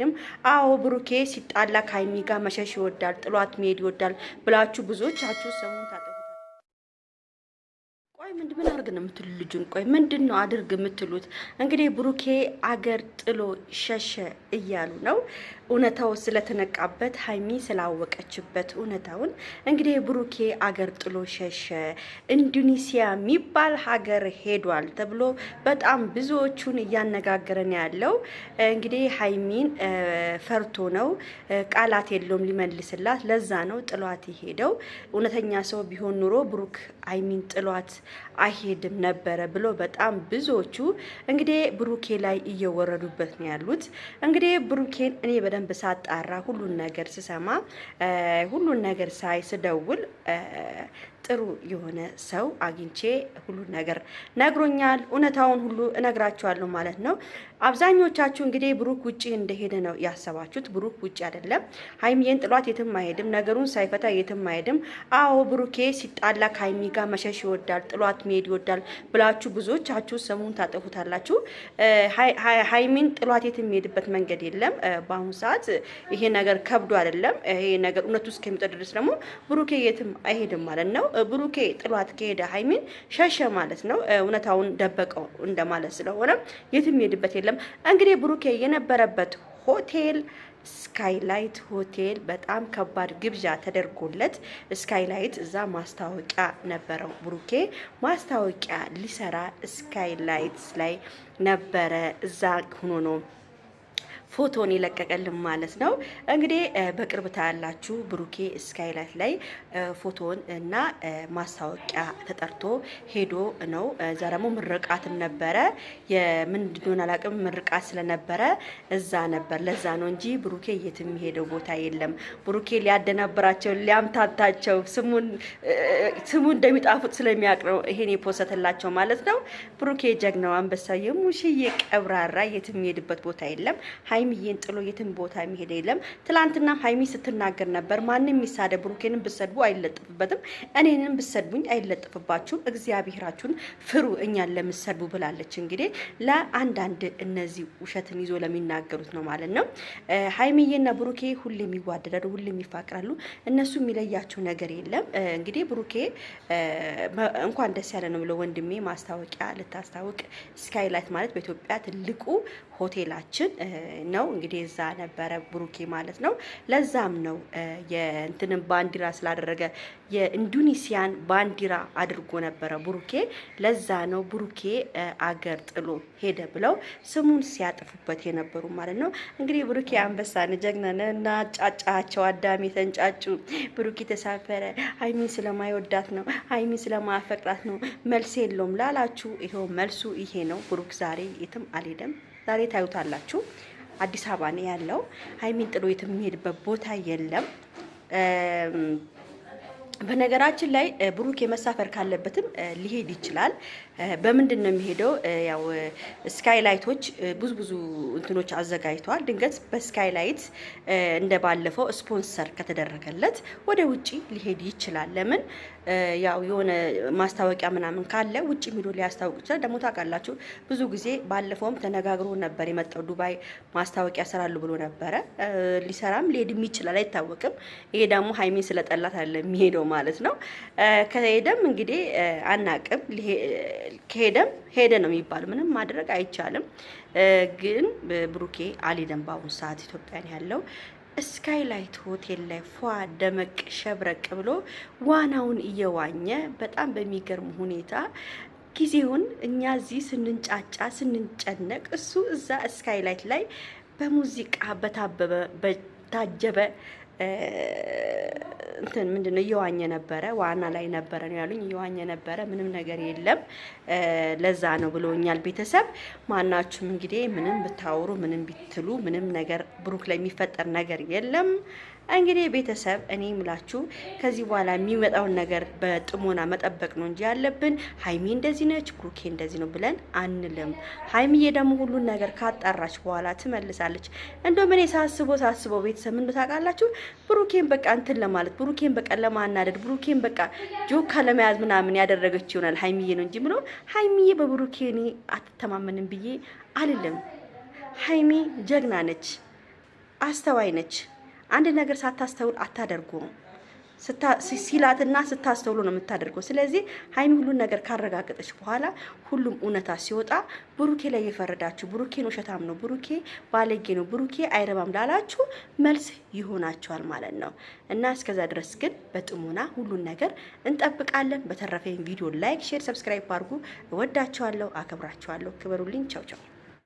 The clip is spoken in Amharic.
ድም አዎ ብሩኬ ሲጣላ ከሀይሚ ጋር መሸሽ ይወዳል፣ ጥሏት መሄድ ይወዳል ብላችሁ ብዙዎቻችሁ ሰሙን ነው የምትሉ ልጁን። ቆይ ምንድን ነው አድርግ የምትሉት? እንግዲህ ብሩኬ አገር ጥሎ ሸሸ እያሉ ነው። እውነታው ስለተነቃበት ሀይሚ ስላወቀችበት እውነታውን እንግዲህ ብሩኬ አገር ጥሎ ሸሸ፣ ኢንዶኔሲያ የሚባል ሀገር ሄዷል ተብሎ በጣም ብዙዎቹን እያነጋገረን ያለው እንግዲህ ሀይሚን ፈርቶ ነው። ቃላት የለውም ሊመልስላት። ለዛ ነው ጥሏት የሄደው። እውነተኛ ሰው ቢሆን ኑሮ ብሩክ ሀይሚን ጥሏት አይሄድም። አይወርድም ነበረ ብሎ በጣም ብዙዎቹ እንግዲህ ብሩኬ ላይ እየወረዱበት ነው ያሉት። እንግዲህ ብሩኬን እኔ በደንብ ሳጣራ ሁሉን ነገር ስሰማ ሁሉን ነገር ሳይ ስደውል ጥሩ የሆነ ሰው አግኝቼ ሁሉ ነገር ነግሮኛል። እውነታውን ሁሉ እነግራችኋለሁ ማለት ነው። አብዛኞቻችሁ እንግዲህ ብሩክ ውጭ እንደሄደ ነው ያሰባችሁት። ብሩክ ውጭ አይደለም። ሀይሚዬን ጥሏት የትም አይሄድም። ነገሩን ሳይፈታ የትም አይሄድም። አዎ ብሩኬ ሲጣላ ከሀይሚ ጋር መሸሽ ይወዳል፣ ጥሏት መሄድ ይወዳል ብላችሁ ብዙዎቻችሁ ስሙን ታጠፉታላችሁ። ሀይሚን ጥሏት የት የሚሄድበት መንገድ የለም። በአሁኑ ሰዓት ይሄ ነገር ከብዶ አይደለም። ይሄ ነገር እውነቱ እስከሚወጣ ድረስ ደግሞ ብሩኬ የትም አይሄድም ማለት ነው። ብሩኬ ጥሏት ከሄደ ሀይሚን ሸሸ ማለት ነው። እውነታውን ደበቀው እንደማለት ስለሆነ የትም ሄድበት የለም። እንግዲህ ብሩኬ የነበረበት ሆቴል ስካይላይት ሆቴል በጣም ከባድ ግብዣ ተደርጎለት ስካይላይት እዛ ማስታወቂያ ነበረው። ብሩኬ ማስታወቂያ ሊሰራ ስካይላይትስ ላይ ነበረ። እዛ ሆኖ ነው ፎቶን የለቀቀልን ማለት ነው። እንግዲህ በቅርብ ታያላችሁ። ብሩኬ ስካይላይት ላይ ፎቶን እና ማስታወቂያ ተጠርቶ ሄዶ ነው። እዛ ደግሞ ምርቃትም ነበረ የምንድን አላቅም ምርቃት ስለነበረ እዛ ነበር። ለዛ ነው እንጂ ብሩኬ የትም ሄደው ቦታ የለም። ብሩኬ ሊያደናብራቸው ሊያምታታቸው ስሙ እንደሚጣፉት ስለሚያውቅ ነው ይሄን የፖሰተላቸው ማለት ነው። ብሩኬ ጀግናው አንበሳ የሙሽዬ ቀብራራ የትም ሄድበት ቦታ የለም። ሀይሚዬን ጥሎ የትም ቦታ የሚሄድ የለም። ትላንትና ሀይሚ ስትናገር ነበር፣ ማንም የሚሳደ ብሩኬንም ብሰድቡ አይለጥፍበትም፣ እኔንም ብሰድቡኝ አይለጥፍባችሁም፣ እግዚአብሔራችሁን ፍሩ እኛን ለምሰድቡ ብላለች። እንግዲህ ለአንዳንድ እነዚህ ውሸትን ይዞ ለሚናገሩት ነው ማለት ነው። ሀይሚዬና ብሩኬ ሁሌም ይዋደዳሉ፣ ሁሌም ይፋቅራሉ። እነሱ የሚለያቸው ነገር የለም። እንግዲህ ብሩኬ እንኳን ደስ ያለ ነው ብለው ወንድሜ ማስታወቂያ ልታስታውቅ ስካይላይት ማለት በኢትዮጵያ ትልቁ ሆቴላችን ነው እንግዲህ እዛ ነበረ ብሩኬ ማለት ነው። ለዛም ነው የእንትንም ባንዲራ ስላደረገ የኢንዶኔሲያን ባንዲራ አድርጎ ነበረ ብሩኬ። ለዛ ነው ብሩኬ አገር ጥሎ ሄደ ብለው ስሙን ሲያጥፉበት የነበሩ ማለት ነው። እንግዲህ ብሩኬ አንበሳ ነው፣ እና ጫጫቸው አዳሜ ተንጫጩ። ብሩኬ ተሳፈረ። ሀይሚን ስለማይወዳት ነው፣ ሀይሚን ስለማያፈቅራት ነው፣ መልስ የለውም ላላችሁ ይኸው መልሱ ይሄ ነው። ብሩክ ዛሬ የትም አልሄደም። ዛሬ ታዩታላችሁ። አዲስ አበባ ነው ያለው። ሀይሚን ጥሎ የት የሚሄድበት ቦታ የለም። በነገራችን ላይ ብሩኬ መሳፈር ካለበትም ሊሄድ ይችላል። በምንድን ነው የሚሄደው? ያው ስካይላይቶች ብዙ ብዙ እንትኖች አዘጋጅተዋል። ድንገት በስካይላይት እንደባለፈው ስፖንሰር ከተደረገለት ወደ ውጪ ሊሄድ ይችላል። ለምን ያው የሆነ ማስታወቂያ ምናምን ካለ ውጭ ሄዶ ሊያስታውቅ ይችላል። ደግሞ ታውቃላችሁ፣ ብዙ ጊዜ ባለፈውም ተነጋግሮ ነበር የመጣው ዱባይ ማስታወቂያ ስራሉ ብሎ ነበረ። ሊሰራም ሊሄድም ይችላል፣ አይታወቅም። ይሄ ደግሞ ሀይሜን ስለጠላት አለ የሚሄደው ማለት ነው። ከሄደም እንግዲህ አናቅም። ከሄደም ሄደ ነው የሚባለው፣ ምንም ማድረግ አይቻልም። ግን ብሩኬ አልሄደም። በአሁኑ ሰዓት ኢትዮጵያን ያለው ስካይላይት ሆቴል ላይ ፏ ደመቅ ሸብረቅ ብሎ ዋናውን እየዋኘ በጣም በሚገርም ሁኔታ ጊዜውን እኛ እዚህ ስንንጫጫ ስንጨነቅ፣ እሱ እዛ ስካይላይት ላይ በሙዚቃ በታበበ በታጀበ እንትን ምንድነው እየዋኘ ነበረ፣ ዋና ላይ ነበረ ነው ያሉኝ። እየዋኘ ነበረ፣ ምንም ነገር የለም ለዛ ነው ብሎኛል። ቤተሰብ ማናችሁም እንግዲህ ምንም ብታወሩ፣ ምንም ቢትሉ፣ ምንም ነገር ብሩክ ላይ የሚፈጠር ነገር የለም። እንግዲህ ቤተሰብ እኔ ምላችሁ ከዚህ በኋላ የሚመጣውን ነገር በጥሞና መጠበቅ ነው እንጂ ያለብን ሀይሚ እንደዚህ ነች፣ ብሩኬ እንደዚህ ነው ብለን አንልም። ሀይሚዬ ደግሞ ሁሉን ነገር ካጣራች በኋላ ትመልሳለች። እንደውም እኔ ሳስቦ ሳስቦ ቤተሰብ ምን ታውቃላችሁ ብሩኬን በቃ እንትን ለማለት ብሩኬን በቃ ለማናደድ ብሩኬን በቃ ጆካ ለመያዝ ምናምን ያደረገች ይሆናል ሀይሚዬ ነው እንጂ ምለው ሀይሚዬ በብሩኬ እኔ አትተማመንም ብዬ አልልም። ሀይሚ ጀግና ነች፣ አስተዋይ ነች። አንድ ነገር ሳታስተውል አታደርጉም። ሲላትና ስታስተውሎ ነው የምታደርገው። ስለዚህ ሀይሚ ሁሉን ነገር ካረጋገጠች በኋላ ሁሉም እውነታ ሲወጣ ብሩኬ ላይ የፈረዳችሁ ብሩኬን ውሸታም ነው፣ ብሩኬ ባለጌ ነው፣ ብሩኬ አይረባም ላላችሁ መልስ ይሆናቸዋል ማለት ነው እና እስከዛ ድረስ ግን በጥሞና ሁሉን ነገር እንጠብቃለን። በተረፈ ቪዲዮ ላይክ፣ ሼር፣ ሰብስክራይብ አድርጉ። እወዳችኋለሁ፣ አከብራችኋለሁ። ክበሩልኝ። ቻው ቻው